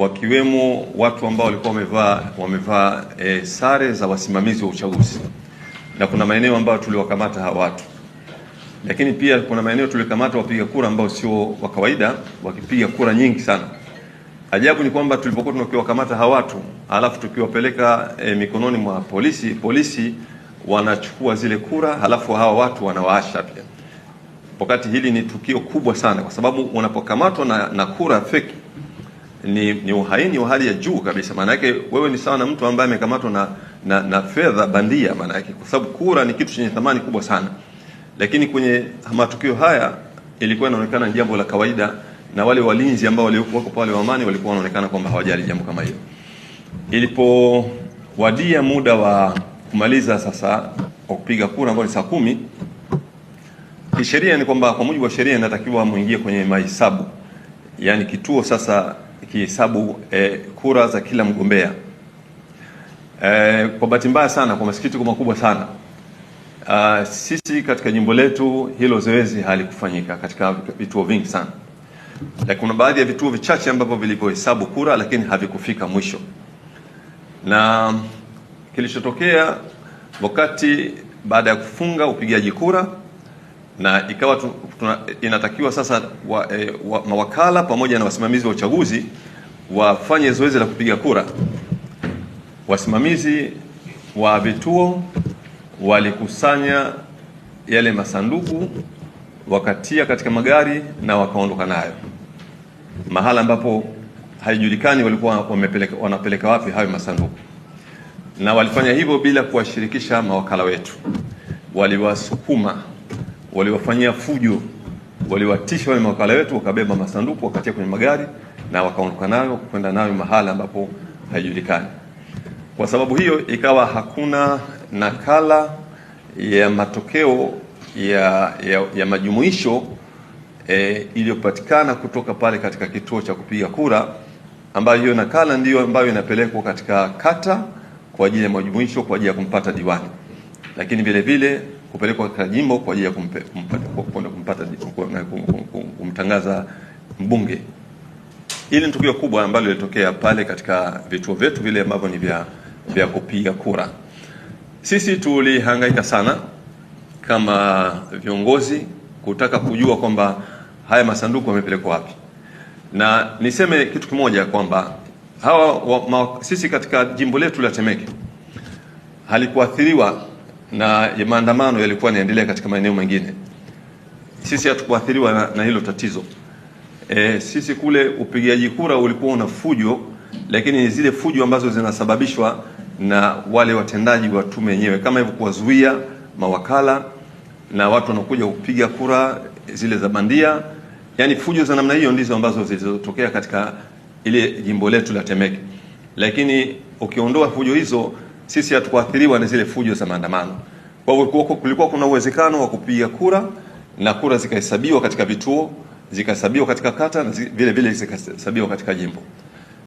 wakiwemo watu ambao walikuwa wamevaa wamevaa e, sare za wasimamizi wa uchaguzi na kuna maeneo ambayo tuliwakamata hawa watu, lakini pia kuna maeneo tulikamata wapiga kura ambao sio wa kawaida, wakipiga kura nyingi sana. Ajabu ni kwamba tulipokuwa tunakiwakamata hawa watu alafu tukiwapeleka e, mikononi mwa polisi, polisi wanachukua zile kura halafu hawa watu wanawaasha pia, wakati hili ni tukio kubwa sana, kwa sababu wanapokamatwa na, na kura feki ni, ni uhaini wa hali ya juu kabisa. Maana yake wewe ni sawa na mtu ambaye amekamatwa na, na, na fedha bandia, maana yake, kwa sababu kura ni kitu chenye thamani kubwa sana, lakini kwenye matukio haya ilikuwa inaonekana ni jambo la kawaida, na wale walinzi ambao waliokuwa wako pale wa amani walikuwa wanaonekana kwamba hawajali jambo kama hilo. Ilipowadia muda wa kumaliza sasa kwa kupiga kura ambao ni saa kumi, kisheria ni kwamba kwa mujibu wa sheria inatakiwa muingie kwenye mahesabu, yani kituo sasa ikihesabu eh, kura za kila mgombea eh, kwa bahati mbaya sana, kwa masikitiko makubwa sana uh, sisi katika jimbo letu hilo zoezi halikufanyika katika vituo vingi sana, na kuna baadhi ya vituo vichache ambavyo vilivyohesabu kura lakini havikufika mwisho, na kilichotokea wakati baada ya kufunga upigaji kura na ikawa tuna, inatakiwa sasa wa, e, wa, mawakala pamoja na wasimamizi wa uchaguzi wafanye zoezi la kupiga kura. Wasimamizi wa vituo walikusanya yale masanduku wakatia katika magari na wakaondoka nayo mahala ambapo haijulikani walikuwa wamepeleka, wanapeleka wapi hayo masanduku, na walifanya hivyo bila kuwashirikisha mawakala wetu, waliwasukuma waliwafanyia fujo, waliwatisha wale mawakala wetu, wakabeba masanduku wakatia kwenye magari na wakaondoka nayo kwenda nayo mahala ambapo haijulikani. Kwa sababu hiyo, ikawa hakuna nakala ya matokeo ya, ya, ya majumuisho e, iliyopatikana kutoka pale katika kituo cha kupiga kura, ambayo hiyo nakala ndiyo ambayo inapelekwa katika kata kwa ajili ya majumuisho kwa ajili ya kumpata diwani, lakini vile vile kupelekwa katika jimbo kwa ajili ya kumpata kumtangaza mbunge. Hili ni tukio kubwa ambalo lilitokea pale katika vituo vyetu vile ambavyo ni vya, vya kupiga kura. Sisi tulihangaika sana kama viongozi kutaka kujua kwamba haya masanduku yamepelekwa wapi, na niseme kitu kimoja kwamba hawa wa, ma, sisi katika jimbo letu la Temeke halikuathiriwa na maandamano yalikuwa yanaendelea katika maeneo mengine. Sisi hatukuathiriwa na, na hilo tatizo e, sisi kule upigaji kura ulikuwa una fujo, lakini ni zile fujo ambazo zinasababishwa na wale watendaji wa tume yenyewe, kama hivyo kuwazuia mawakala na watu wanakuja kupiga kura zile za bandia. Yani fujo za namna hiyo ndizo ambazo zilizotokea katika ile jimbo letu la Temeke, lakini ukiondoa fujo hizo sisi hatukuathiriwa na zile fujo za maandamano. Kwa hivyo kulikuwa kuna uwezekano wa kupiga kura na kura zikahesabiwa katika vituo, zikahesabiwa katika kata na vile vile zikahesabiwa katika jimbo.